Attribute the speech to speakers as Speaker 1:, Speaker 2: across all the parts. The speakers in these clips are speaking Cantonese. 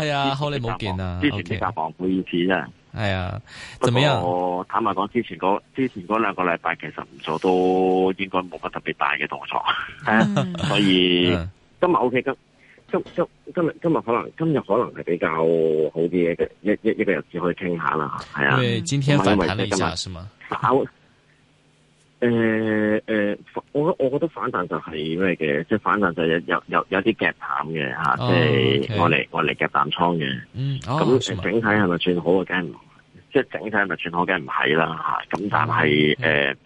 Speaker 1: 係啊，好耐冇見啊！之前呢架航母因此啫。係啊，不過
Speaker 2: 坦白講，之前嗰之前嗰兩個禮拜其實唔做，都應該冇乜特別大嘅動作。係啊、 哎，所以、嗯、今日 O K，今今今今日今日可能今日可能係比較好啲嘅一一一個日子可以傾下啦。係啊，因
Speaker 1: 為今日反彈了一下，今天是嗎？
Speaker 2: 誒誒，我、呃、我覺得反彈就係咩嘅，即係反彈就是有有有有啲夾淡嘅吓，即係我嚟我嚟夾淡倉嘅。
Speaker 1: 咁、
Speaker 2: 嗯 oh, 整體係咪算好嘅？梗唔即係整體係咪算好？梗唔係啦吓。咁但係誒 Okay.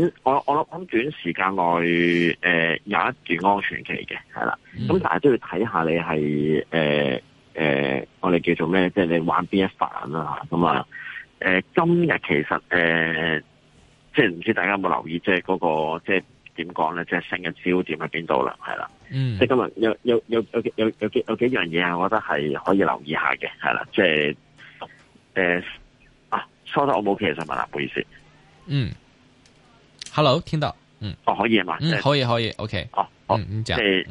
Speaker 2: 短，我我諗短時間內誒有一段安全期嘅係啦。咁、嗯、但係都要睇下你係誒誒我哋叫做咩？即、就、係、是、你玩邊一版啊？咁啊誒今日其實誒。呃即係唔知大家有冇留意，即係嗰個即係點講咧，即係新嘅焦點喺邊度啦，係啦。即係今日有有有有有有幾有幾樣嘢啊，我覺得係可以留意下嘅，係啦。即係誒啊，sorry，我冇其實身問啦，唔好意思。
Speaker 1: 嗯，hello，聽到。嗯，哦，可以啊嘛，可以可以，ok，哦，好，即
Speaker 2: 係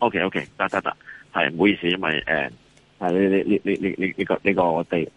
Speaker 2: ok，ok，得得得，係唔好意思，因為誒，係你你你你你呢個呢個我哋。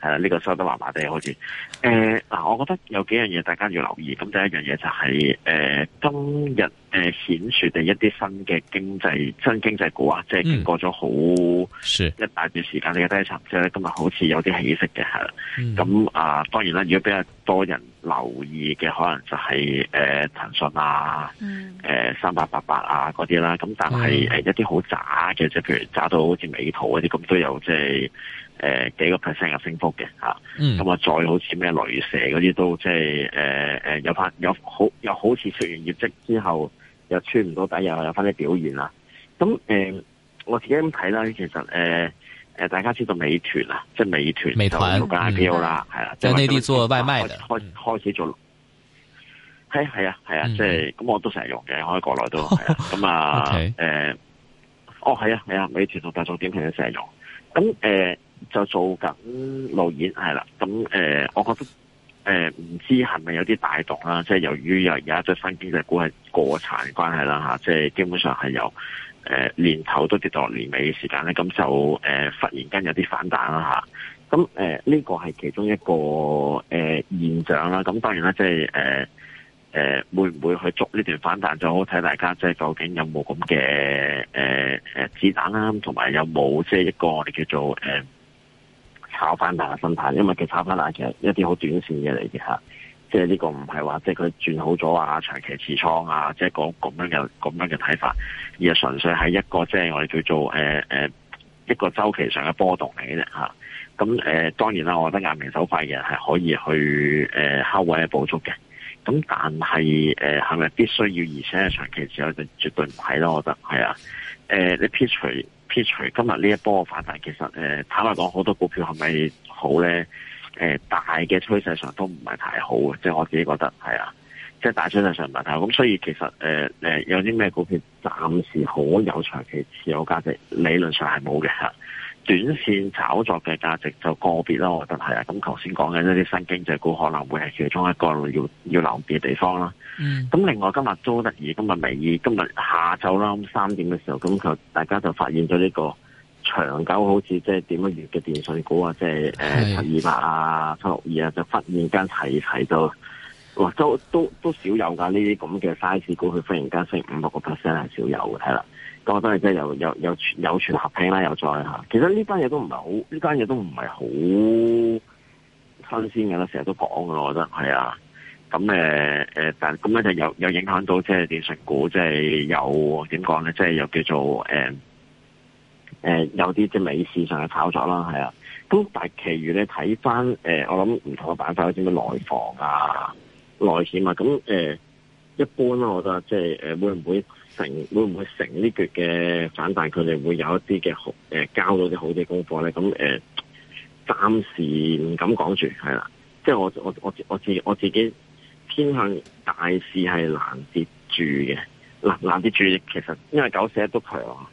Speaker 2: 係啦，呢、啊這個收得麻麻地好似。誒、呃、嗱，我覺得有幾樣嘢大家要留意。咁第一樣嘢就係、是、誒、呃、今日誒顯著嘅一啲新嘅經濟新經濟股啊，即係經過咗好、嗯、一大段時間嘅低沉之後，今日好似有啲起色嘅，啦、嗯。咁啊，當然啦，如果比較多人留意嘅，可能就係誒騰訊啊，誒、嗯呃、三八八八啊嗰啲啦。咁但係、嗯呃、一啲好渣嘅，即係譬如渣到好似美圖嗰啲咁都有，即係。誒、呃，幾個 percent 嘅升幅嘅吓，咁啊、嗯、再好似咩雷蛇嗰啲都即係誒誒，有翻有好有好似出完業績之後又穿唔到底，又有翻啲表現啦。咁誒、呃，我自己咁睇啦，其實誒誒、呃，大家知道美團啊，即係美團美團啦，係即的在內地做外賣嘅，開始開始做，係係啊係啊，即係咁我都成日用嘅，我喺國內都係啊。咁啊，誒，哦係啊係啊，美團同大眾點評嘅成日用，咁誒。呃就做緊路演係啦，咁誒、呃，我覺得誒唔、呃、知係咪有啲大動啦，即、就、係、是、由於又而家堆新經濟股係過殘關係啦，即係基本上係由誒、呃、年頭都跌到年尾嘅時間咧，咁就誒忽、呃、然間有啲反彈啦嚇，咁誒，呢個係其中一個誒、呃、現象啦，咁當然啦，即係誒會唔會去捉呢段反彈，就好睇大家即係究竟有冇咁嘅誒誒子彈啦，同埋有冇即一個我哋叫做誒。呃炒翻大嘅心態，因為佢炒翻大其實一啲好短線嘅嚟嘅嚇，即係呢個唔係話即係佢轉好咗啊，長期持倉啊，即係講咁樣嘅咁樣嘅睇法，而係純粹喺一個即係我哋叫做誒誒一個周期上嘅波動嚟嘅啫嚇。咁誒當然啦，我覺得眼明手快嘅人係可以去誒拋位捕捉嘅，咁但係誒係咪必須要而且係長期持有就絕對唔係咯，我覺得係啊誒，你撇撇除今日呢一波嘅反彈，其實誒坦白講，好多股票係咪好咧？誒、呃、大嘅趨勢上都唔係太好嘅，即係我自己覺得係啊，即係大趨勢上唔係太好。咁所以其實誒誒、呃、有啲咩股票暫時好有長期持有價值，理論上係冇嘅。短線炒作嘅價值就個別啦，我覺得係啊。咁頭先講緊一啲新經濟股可能會係其中一個要要留意嘅地方啦。咁、嗯、另外今日都得意，今日尾市，今日下晝啦，咁三點嘅時候，咁佢大家就發現咗呢個長久好似即係點樣樣嘅電訊股啊，即係誒七二八啊、七六二啊，就忽然間齊齊都，哇，都都都少有㗎呢啲咁嘅 size 股，佢忽然間升五六個 percent 係少有嘅，係啦。我覺得係即係有有有傳合拼啦，又再吓，其實呢單嘢都唔係好，呢單嘢都唔係好新鮮嘅啦，成日都講嘅，我覺得係啊。咁誒誒，但咁咧就有有影響到即係電信股，即係有點講咧，即係又叫做誒誒，有啲即係美市上嘅炒作啦，係、呃、啊。咁但係其餘咧睇翻誒，我諗唔同嘅板塊，有啲咩內房啊、內險啊，咁、呃、誒一般啦，我覺得即係誒、呃、會唔會？成會唔會成呢橛嘅反彈，佢哋會有一啲嘅好，誒交到啲好啲功課咧？咁誒、呃，暫時唔敢講住，係啦。即係我我我我自我自己偏向大市係難跌住嘅，嗱，難跌住。其實因為九四一都係話。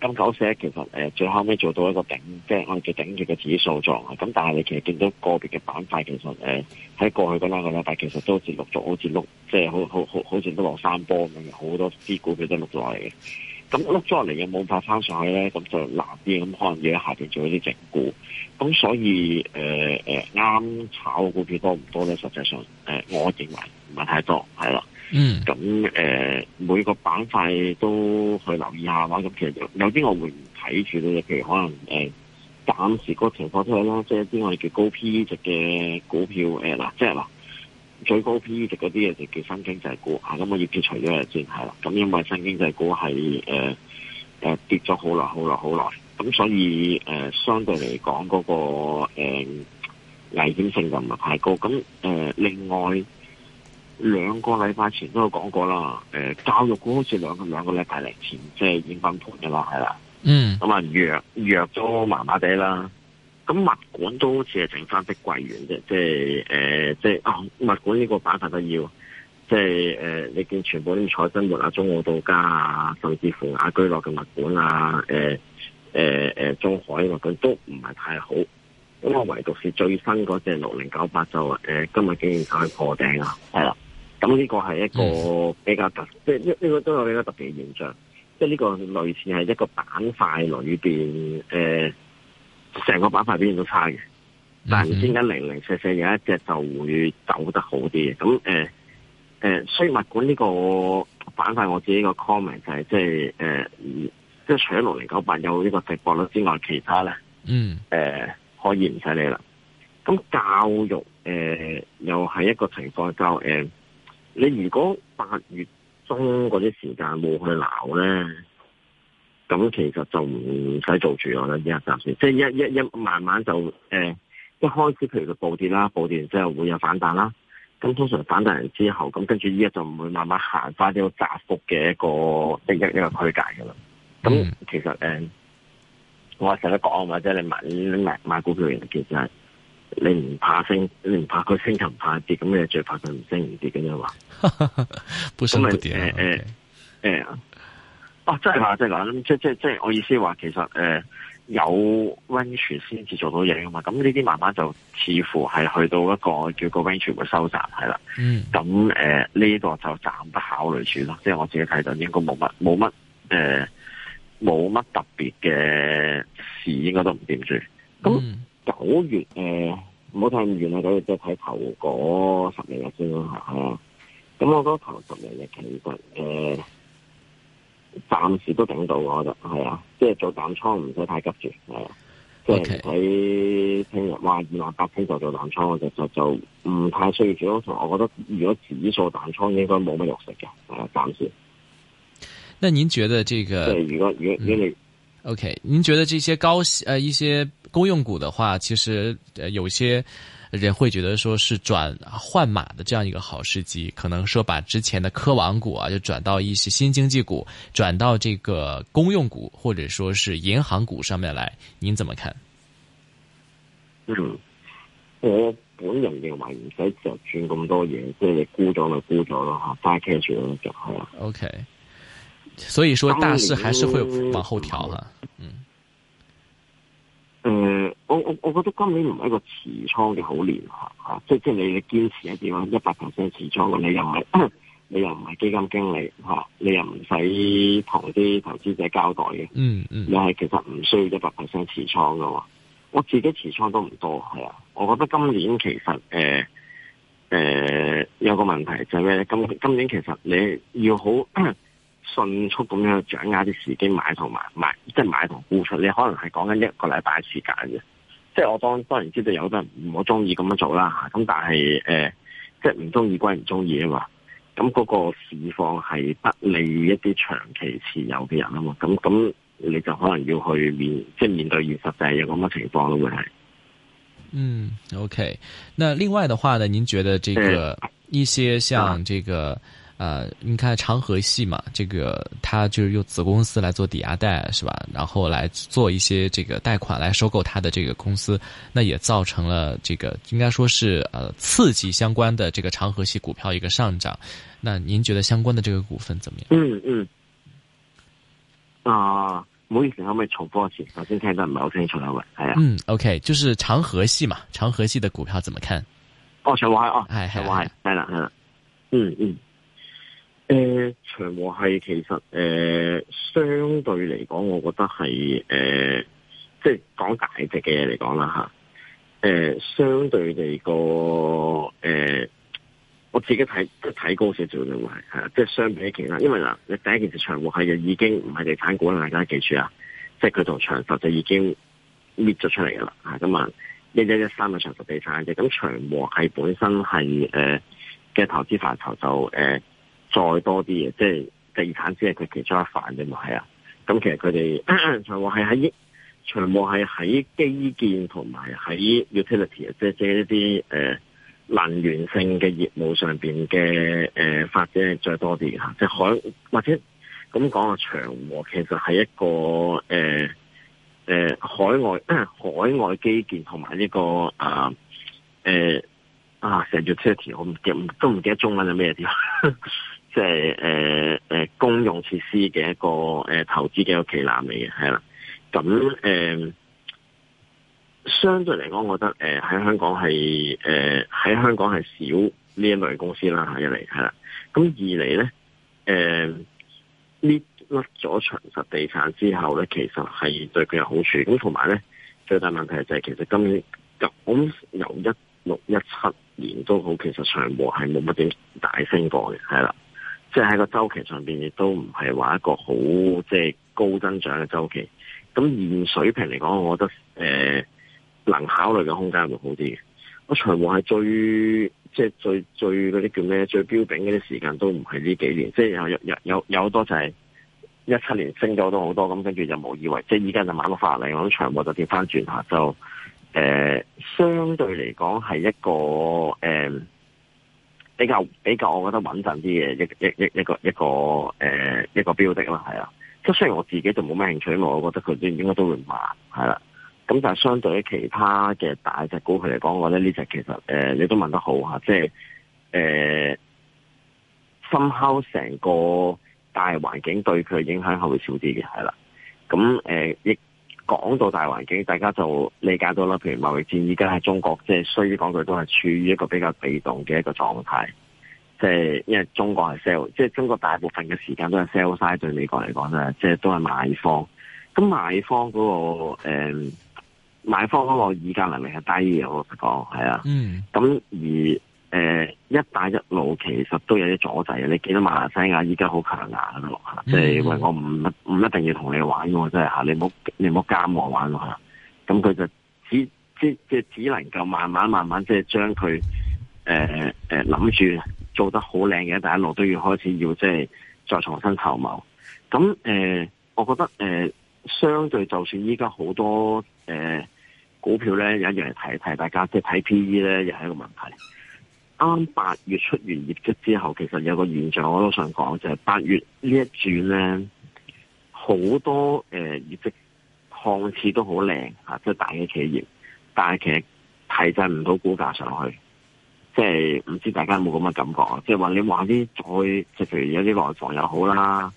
Speaker 2: 金九四其實最後尾做到一個頂，即係我哋嘅頂嘅指數狀啊。咁但係你其實見到個別嘅板塊，其實喺過去嗰兩個禮拜，其實都好似陸續，好似碌，即係好好好好似都落山波咁，好，好多支股票都碌咗落嚟嘅。咁碌咗落嚟嘅冇法翻上去咧，咁就難啲。咁可能而家下邊做一啲整固。咁所以誒啱、呃、炒股票多唔多咧？實際上我認為唔係太多，係啦。嗯，咁誒、mm hmm. 呃，每個板塊都去留意下話，咁其實有啲我會唔睇住嘅，譬如可能誒暫、呃、時嗰個情況出去啦，即係一啲我哋叫高 PE 值嘅股票誒，嗱、呃，即係嗱、呃、最高 PE 值嗰啲嘢就叫新經濟股咁、啊、我要佢除咗日先係啦，咁因為新經濟股係誒誒跌咗好耐好耐好耐，咁所以誒、呃、相對嚟講嗰個誒、呃、危險性就唔係太高，咁誒、呃、另外。兩個禮拜前都有講過啦，誒，教育股好似兩個兩個禮拜嚟前即係已經崩盤噶啦，係啦，嗯、mm.，咁啊弱弱咗麻麻地啦，咁物管都好似係剩翻碧桂園嘅，即係誒、呃，即係啊，物管呢個板塊都要，即係誒、呃，你見全部彩生活啊、中奧到家啊，甚至乎雅居樂嘅物管啊，誒、呃，誒，誒，中海物管都唔係太好，咁我唯獨是最新嗰隻六零九八就誒、呃，今日竟然去破頂啊，係啦。咁呢個係一個比較特，即係呢個都有比較特別嘅現象。即係呢個類似係一個板塊裏面，誒、呃，成個板塊表現都差嘅，但係唔知點解零零舍舍有一隻就會走得好啲咁，誒雖物管呢個板塊，我自己個 comment 就係即係誒，即係除咗六零九八有呢個值博率之外，其他咧，嗯，誒、呃、可以唔使理啦。咁教育誒、呃、又係一個情況，就是，就、呃、誒。你如果八月中嗰啲時間冇去鬧咧，咁其實就唔使做住我咧，依家暫時即係一一一慢慢就誒、欸、一開始譬如佢暴跌啦，暴跌之後會有反彈啦，咁通常反彈之後，咁跟住依家就唔會慢慢行翻呢個窄幅嘅一個一個一個區界噶啦。咁其實誒、欸，我成日都講啊，或者你問問買股票嘅人士。你唔怕升，你唔怕佢升，就唔怕跌，咁你最怕佢唔升唔跌咁樣話。
Speaker 1: 咁
Speaker 2: 咪誒誒誒，哦、嗯，即係話即係嗱，即即即係我意思話，其實誒、呃、有溫泉先至做到嘢噶嘛。咁呢啲慢慢就似乎係去到一個叫一個溫泉會收窄係啦。咁誒呢個就暫不考慮住啦。即係我自己睇就應該冇乜冇乜誒冇乜特別嘅事，應該都唔掂住。咁。嗯九月誒，唔好睇唔完啊！九月即係睇頭嗰十零日先啦，係啊。咁我覺得頭十零日其實誒，暫時都頂到我就係啊，即係做減倉唔使太急住，係啊。Okay. 即係喺聽日，哇二萬八千就做減倉，我就就就唔太需要做我覺得，如果指數減倉應該冇乜肉食嘅，係啊，暫時。
Speaker 1: 那您覺得這個？對，如果，如果，如果你、嗯 OK，您覺得這些高息呃一些公用股的話，其實呃有些人會覺得說是轉換馬的這樣一個好時機，可能說把之前的科網股啊，就轉到一些新經濟股，轉到這個公用股或者說是銀行股上面來，您怎麼看？
Speaker 2: 嗯，我本人認為唔使就轉咁多嘢，即係沽咗就沽咗咯吓，翻 cash 就係啦。
Speaker 1: OK。所以說大市還是會往後調啦。嗯。
Speaker 2: 誒、嗯，我我我覺得今年唔係一個持倉嘅好年吓，即係即係你你堅持一點，一百 percent 持倉，你又唔係你又唔係基金經理吓、啊，你又唔使同啲投資者交代嘅、嗯。嗯嗯。又係其實唔需要一百 percent 持倉噶嘛。我自己持倉都唔多，係啊。我覺得今年其實誒誒、呃呃、有個問題就係、是，今今年其實你要好。迅速咁樣掌握啲時機買同埋賣，即係買同沽出，你可能係講緊一個禮拜時間嘅，即係我當當然知道有啲人唔好中意咁樣做啦，咁，但係誒、呃，即係唔中意歸唔中意啊嘛，咁嗰個市況係不利於一啲長期持有嘅人啊嘛，咁咁你就可能要去面，即係面對現實就，就係有咁嘅情況咯，會係。嗯
Speaker 1: ，OK。那另外嘅話呢，您覺得呢個一些像這個。呃，你看長河系嘛，這個他就是用子公司來做抵押貸，是吧？然後來做一些這個貸款來收購他的這個公司，那也造成了這個應該說是呃刺激相關的這個長河系股票一個上漲。那您覺得相關的這個股份怎麼樣？嗯
Speaker 2: 嗯、呃面不。啊，唔好意思，可唔可以重複一次？頭
Speaker 1: 先聽得唔係我聽錯咗啊。嗯，OK，就是長河系嘛，長河系的股票怎麼看？
Speaker 2: 哦，小歪哦，哎係歪，係啦嗯嗯。嗯誒、呃，長和系其實誒、呃，相對嚟講，我覺得係誒，即係講大隻嘅嘢，嚟講啦吓。誒、呃，相對嚟個誒，我自己睇即係睇高少少，認為係即係相比起其他，因為嗱，你第一件事長和系就已經唔係地產股啦，大家記住啊，即係佢同長實就已經搣咗出嚟噶啦，咁啊，一一一三咪長實地產嘅，咁長和系本身係誒嘅投資範疇就誒。呃再多啲嘢，即係地產只係佢其，其中一範啫嘛係啊。咁其實佢哋長和係喺長和係喺基建同埋喺 utility，即係即係一啲誒能源性嘅業務上邊嘅誒發展再多啲吓，即係海或者咁講，個長和其實係一個誒誒、呃呃、海外、呃、海外基建同埋呢個啊誒、呃呃、啊，誒 utility，我唔記都唔記得中文係咩嘢即係誒誒公用設施嘅一個誒、呃、投資嘅一個旗艦嚟嘅係啦，咁誒、呃、相對嚟講，我覺得誒喺、呃、香港係誒喺香港係少呢一類公司啦，一嚟係啦，咁二嚟咧誒，搣甩咗長實地產之後咧，其實係對佢有好處。咁同埋咧，最大問題就係其實今年由一六一七年都好，其實長和係冇乜點大升過嘅，係啦。即係喺個周期上邊，亦都唔係話一個好即係高增長嘅周期。咁現水平嚟講，我覺得誒、呃，能考慮嘅空間會好啲。我長和係最即係最最嗰啲叫咩？最標炳嗰啲時間都唔係呢幾年，即係有有有有好多就係一七年升咗好多好多，咁跟住就無以為，即係依家就買到翻嚟，我諗長和就跌翻轉下，就誒、呃、相對嚟講係一個誒。呃比較比較，比較我覺得穩陣啲嘅，一一一一個一個誒、呃、一個標的啦，係啦即，雖然我自己就冇咩興趣，我覺得佢都應該都會買，係啦。咁但係相對於其他嘅大隻股佢嚟講，我覺得呢隻其實誒、呃，你都問得好啊，即、就、誒、是，深敲成個大環境對佢影響係會少啲嘅，係啦。咁誒亦。嗯講到大環境，大家就理解到啦。譬如貿易戰，依家喺中國，即係雖講句都係處於一個比較被動嘅一個狀態。即係因為中國係 sell，即係中國大部分嘅時間都係 sell side，對美國嚟講咧，即係都係買方。咁買方嗰個誒、嗯，買方嗰個議價能力係低嘅，我老實講，係啊。嗯。咁而。誒、呃，一帶一路其實都有啲阻滯，你記得馬來西亞依家好強硬咯吓，即係話我唔一唔一定要同你玩，我真係吓，你唔好你唔好監我玩落去。咁、啊、佢就只即即只，只能夠慢慢慢慢就是將他，即係將佢誒誒諗住做得好靚嘅，但一帶一路都要開始要即係再重新籌謀。咁誒、呃，我覺得誒、呃、相對，就算依家好多誒、呃、股票咧，有一樣嚟提提大家，即係睇 P E 咧，又係一個問題。啱八月出完業績之後，其實有個現象我都想講，就係、是、八月這一轉呢一轉咧，好多誒業績看似都好靚吓，即係大嘅企業，但係其實提振唔到股價上去。即係唔知大家有冇咁嘅感覺啊？即係話你話啲再即係譬如有啲內房又好啦、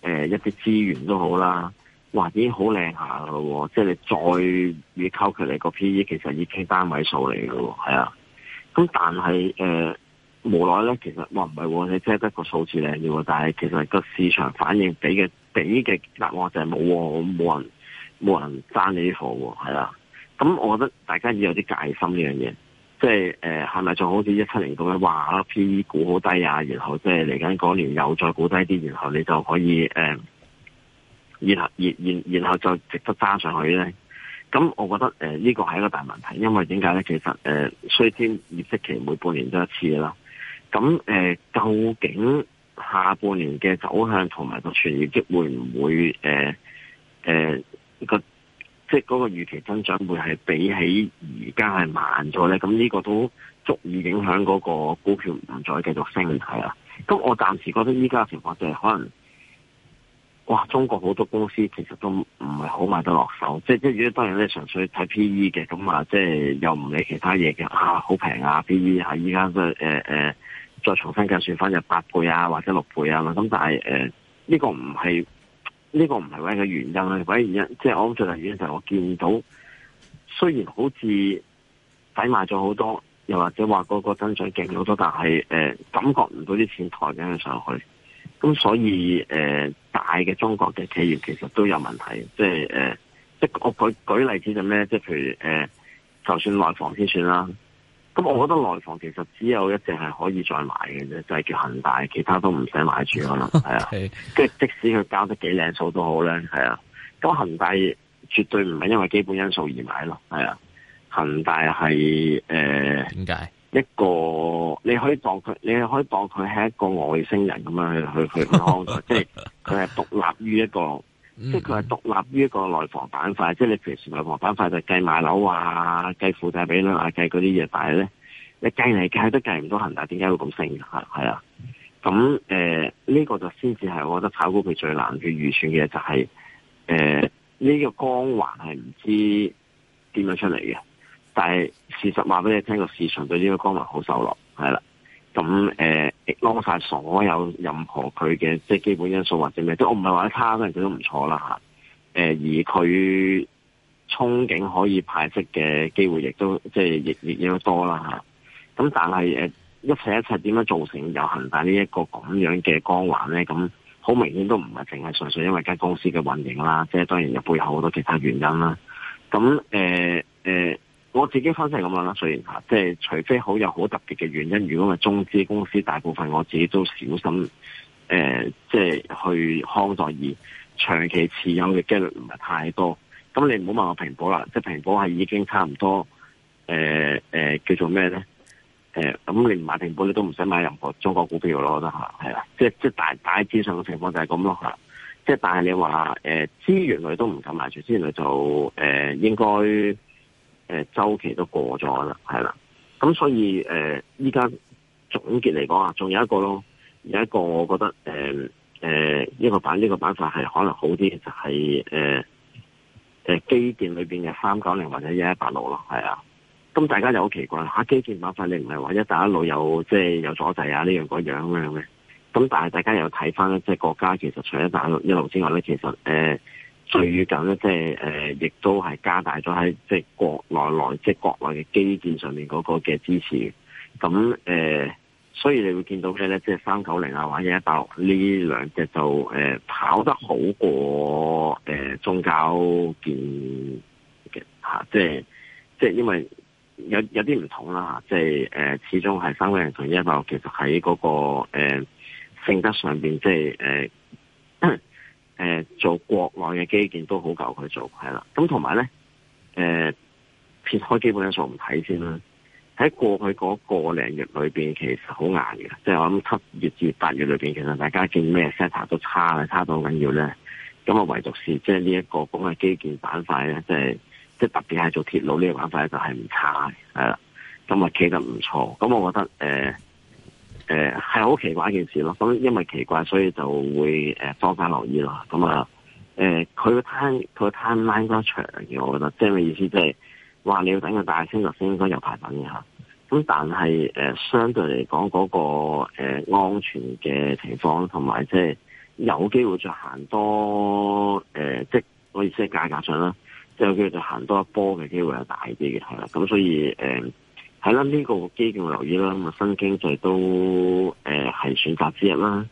Speaker 2: 呃，一啲資源都好啦，話已經好靚下嘅喎，即係、啊就是、你再你扣佢哋個 P E，其實已經、e、單位數嚟嘅喎，係啊。咁但係誒、呃，無奈咧，其實話唔係喎，你即係得個數字靚啲喎，但係其實個市場反應俾嘅俾嘅答案就係冇喎，冇人冇人爭你啲貨喎，係啦。咁、嗯、我覺得大家要有啲戒心呢樣嘢，即係誒，係咪仲好似一七年咁樣話 PE 估好低啊，然後即係嚟緊嗰年又再估低啲，然後你就可以誒、呃，然後然然然後再值得揸上去咧。咁，我覺得呢、呃這個係一個大問題，因為點解呢？其實誒，衰退業績期每半年都一次啦。咁誒、呃，究竟下半年嘅走向同埋、呃呃、個全年業績會唔會誒誒呢個即係嗰個預期增長會係比起而家係慢咗呢？咁呢個都足以影響嗰個股票唔再繼續升係啦。咁我暫時覺得依家嘅情況就係可能。哇！中國好多公司其實都唔係好買得落手，即係即係如果當然咧，純粹睇 P E 嘅咁啊，即係又唔理其他嘢嘅啊，好平啊，P E 啊，依家嘅誒再重新計算翻就八倍啊，或者六倍啊嘛，咁但係誒呢個唔係呢個唔係唯一嘅原因啊，唯一原因即係我諗最大原因就係我見到，雖然好似抵買咗好多，又或者話嗰個增長勁好多，但係誒、呃、感覺唔到啲錢抬緊上去。咁所以誒、呃，大嘅中國嘅企業其實都有問題，即係誒、呃，即係我舉舉例子就咩，即係譬如、呃、就算內房先算啦。咁我覺得內房其實只有一隻係可以再買嘅啫，就係、是、叫恒大，其他都唔使買住可能係啊。即係 Okay. 即使佢交得幾靚數都好咧，係啊。咁恒大絕對唔係因為基本因素而買咯，係啊。恒大係誒，點、呃、解？一個你可以當佢，你係可以當佢係一個外星人咁樣去去去，即係佢係獨立於一個， 即係佢係獨立於一個內房板塊。嗯、即係你平時內房板塊就計買樓啊，計負債比率啊，計嗰啲嘢。但係呢，你計嚟計都計唔到恒大點解會咁升嘅？係係啊。咁呢、呃呢個就先至係，我覺得炒股佢最難去預算嘅就係、係、呢、呃呢個光環係唔知點樣出嚟嘅。但係事實話俾你聽，個市場對呢個光環好受落，係啦。咁誒，拉、呃、晒所有任何佢嘅即係基本因素或者咩，都我唔係話啲差嘅，佢都唔錯啦吓。誒、啊，而佢憧憬可以派息嘅機會都，亦都即係亦亦都多啦吓。咁、啊、但係誒，一切一切點樣造成有恒大、這個、呢一個咁樣嘅光環咧？咁好明顯都唔係淨係純粹因為間公司嘅運營啦，即係當然有背後好多其他原因啦。咁誒誒。呃呃我自己分析咁樣啦，雖然吓，即係除非好有好特別嘅原因，如果係中資公司，大部分我自己都小心，誒，即係去康待而長期持有嘅機率唔係太多。咁你唔好問我平保啦，即係平保係已經差唔多，誒誒，叫做咩咧？誒，咁你唔買平保，你都唔使買任何中國股票咯，我覺得嚇，係啦。即係即係大大致上嘅情況就係咁咯嚇。即係但係你話，誒，資源類都唔敢買住，資源類就誒，應該。誒，周期都過咗啦，係啦，咁所以誒，依、呃、家總結嚟講啊，仲有一個咯，有一個我覺得誒誒，呢、呃呃這個板，呢、這個板塊係可能好啲，其實係誒誒，基建裏邊嘅三九零或者一一八六咯，係啊，咁大家就好奇怪，吓、啊、基建板塊你唔係話一打一路有即係、就是、有阻滯啊呢樣嗰樣咁樣嘅，咁但係大家又睇翻即係國家其實除咗一打一路之外咧，其實誒。呃最近咧、就是，即係誒，亦都係加大咗喺即係國內內，即、就、係、是、國內嘅基建上面嗰個嘅支持。咁誒、呃，所以你會見到嘅咧？即係三九零啊，或者一百，六呢兩隻就誒跑得好過誒中交建嘅吓，即係即係因為有有啲唔同啦吓，即係誒，始終係三九零同一百。六，其實喺嗰、那個誒、呃、性格上邊，即係誒。呃誒、呃，做國內嘅基建都好夠佢做，係啦。咁同埋咧，誒、呃、撇開基本因素唔睇先啦。喺過去嗰個零月裏邊，其實好硬嘅，即係我諗七月至八月裏邊，其實大家見咩 set 都差啦，差到好緊要咧。咁啊，唯獨是即係呢一個講嘅基建板塊咧，即係即係特別係做鐵路呢個板塊咧，就係唔差嘅，係啦。咁啊企得唔錯，咁我覺得誒。呃誒，係好、呃、奇怪的一件事咯，咁因為奇怪，所以就會誒多加留意咯。咁、呃、啊，誒，佢個攤佢個 timeline time 比較長嘅，我覺得，即係咩意思？即係話你要等佢大清就先應該有排等嘅吓。咁但係誒、呃，相對嚟講嗰個誒、呃、安全嘅情況，同埋即係有機會再行多誒、呃，即係我意思係價格上啦，即係有機會就行多一波嘅機會係大啲嘅係啦。咁、嗯、所以誒。呃係啦，呢個機會留意啦。咁啊，新經濟都誒係選擇之一啦。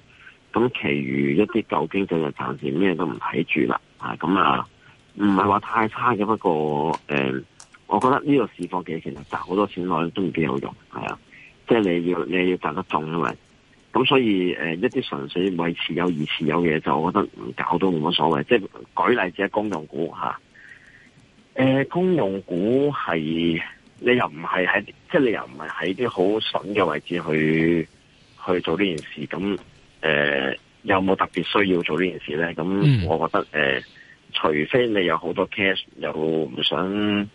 Speaker 2: 咁，其餘一啲舊經濟就暫時咩都唔睇住啦。啊，咁啊，唔係話太差嘅，不過誒，我覺得呢個市況嘅其實賺好多錢來都唔幾有用，係啊。即係你，你要你要賺得中因咪。咁所以誒一啲純粹為持有而持有嘅嘢，就我覺得唔搞都冇乜所謂。即係舉例子，只係公用股、啊呃、公用股係。你又唔係喺，即、就、係、是、你又唔係喺啲好筍嘅位置去去做呢件事，咁誒、呃、有冇特別需要做呢件事咧？咁我覺得誒、呃，除非你有好多 cash，又唔想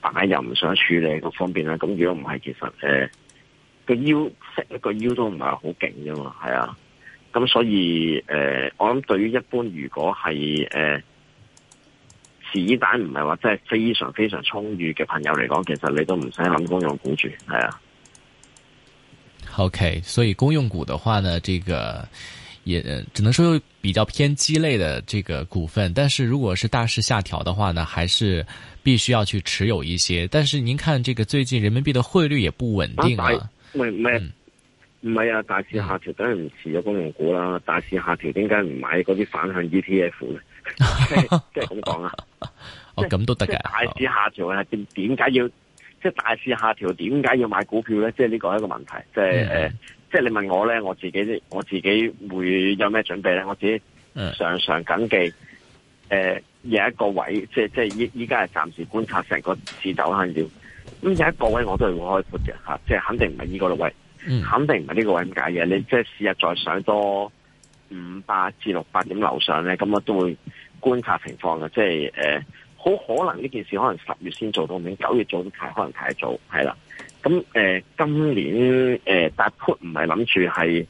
Speaker 2: 擺，又唔想，想處理各方面啦。咁如果唔係，其實誒個、呃、腰成個腰都唔係好勁㗎嘛，係啊。咁所以誒、呃，我諗對於一般如果係誒。呃子彈唔係話真係非常非常充裕嘅朋友嚟講，其實你都唔使諗公用股住，
Speaker 1: 係啊。O、okay, K，所以公用股嘅話呢，這個也只能說比較偏雞肋的這個股份，但是如果是大市下調的話呢，還是必須要去持有一些。但是您看，這個最近人民幣的匯率也不穩定啊。
Speaker 2: 唔係、嗯、啊！大市下調梗係唔持有公用股啦。嗯、大市下調點解唔買嗰啲反向 E T F 呢？即係咁講啊！即哦，咁都得嘅。即係大市下調係點？點解要即係大市下調？點解要買股票咧？即係呢個係一個問題。即係誒，嗯呃、即係你問我咧，我自己我自己會有咩準備咧？我自己常常謹記，誒、呃、有一個位，即係即係依依家係暫時觀察成個市走向要。咁有一個位我都係會開闊嘅吓，即係肯定唔係呢個位，肯定唔係呢個位咁解嘅。你即係試日再上多五百至六百點樓上咧，咁我都會觀察情況嘅。即係誒。呃好可能呢件事可能十月先做到名，九月做得太可能太早，係啦。咁誒、呃，今年誒、呃，但 put 唔係諗住係，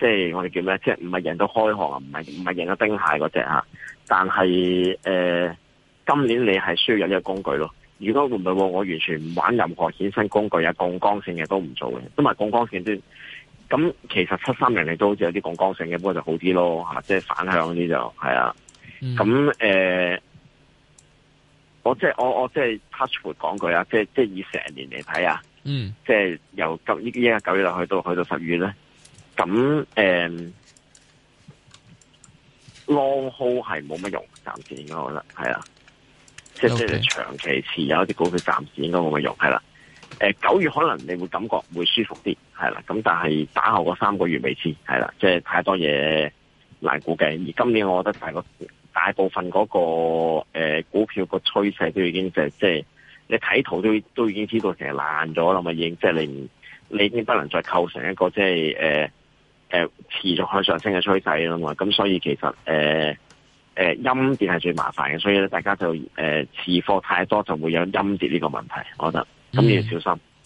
Speaker 2: 即係我哋叫咩？即係唔係贏到開巷啊？唔係唔係贏到丁蟹嗰隻啊？但係誒、呃，今年你係需要有呢個工具咯。如果會唔會我完全唔玩任何衍生工具啊？槓桿性嘅都唔做嘅，都咪槓桿性先。咁其實七三零你都好似有啲槓桿性嘅，不過就好啲咯、啊、即係反向嗰啲就係啊。咁誒。嗯我即係我我即係 touch 回講句啊，即係即係以成年嚟睇啊，嗯，即係由九依家九月去到去到十月咧，咁誒，long hold 係冇乜用，暫時應該我覺得係啦，即係 Okay. 即係長期持有一啲股票，暫時應該冇乜用，係啦。誒、呃，九月可能你會感覺會舒服啲，係啦。咁但係打後嗰三個月未知，係啦，即係太多嘢難估計。而今年我覺得大概，嗰個大部分嗰、那個誒、呃、股票個趨勢都已經就係即係你睇圖都都已經知道成日爛咗啦嘛，已經即係、就是、你唔你已經不能再構成一個即係誒誒持續去上升嘅趨勢啦嘛，咁所以其實誒誒陰跌係最麻煩嘅，所以咧大家就誒、呃、持貨太多就會有陰跌呢個問題，我覺得咁你要小心。嗯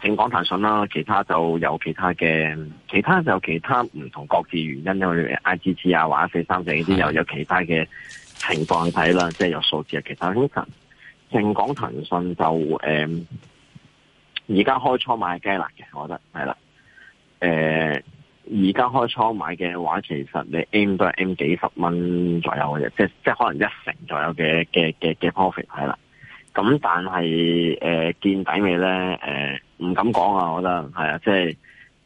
Speaker 2: 正淨講騰訊啦，其他就有其他嘅，其他就有其他唔同各自原因，因為 I G T 啊，或者四三四呢啲又有其他嘅情況睇啦，即係有數字啊。其他其實淨講騰訊就誒，而、呃、家開倉買雞肋嘅，我覺得係啦。誒，而、呃、家開倉買嘅話，其實你 M 都係 M 幾十蚊左右嘅啫，即即係可能一成左右嘅嘅嘅嘅 profit 係啦。咁但係誒、呃、見底未咧？誒、呃。唔敢講啊！我覺得係啊，即係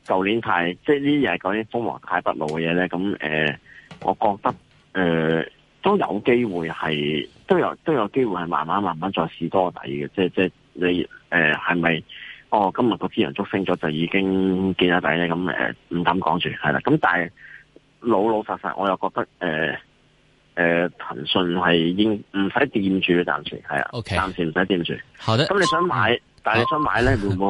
Speaker 2: 舊年太即係呢啲嘢講啲風雲太不老嘅嘢咧。咁誒、呃，我覺得誒、呃、都有機會係都有都有機會係慢慢慢慢再試多底嘅。即即你誒係咪？哦，今日個支人足升咗就已經見下底咧。咁唔、呃、敢講住係啦。咁、啊、但係老老實實，我又覺得誒誒騰訊係已經唔使掂住嘅暫時係啊。O K. 暫時唔使掂住好的。咁你想買，的但你想買咧，的會唔會？